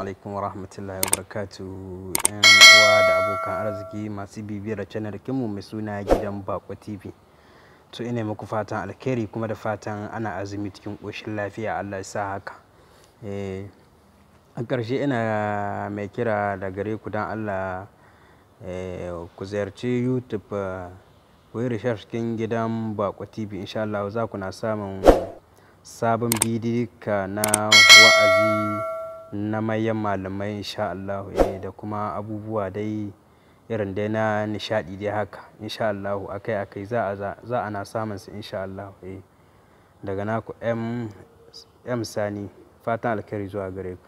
alaikum wa rahmatullahi wa barakatu ‘yan uwa da abokan arziki masu bibiyar canar kinmu mai suna gidan Bako TV. To ina muku fatan alkhairi kuma da fatan ana azumi cikin ƙoshin lafiya Allah sa haka. Eh, a ƙarshe ina mai kira da gare ku don Allah eh, ku ziyarci YouTube eh, ku yi research kin gidan Bako TV insha Allah za ku na samun sabon bidika na wa'azi. na mayan malamai insha Allah eh, da kuma abubuwa dai irin dai na nishadi dai haka insha Allah akai akai za a za ana samun su insha Allah eh. Daga naku M M Sani fatan alkhairi zuwa gare ku.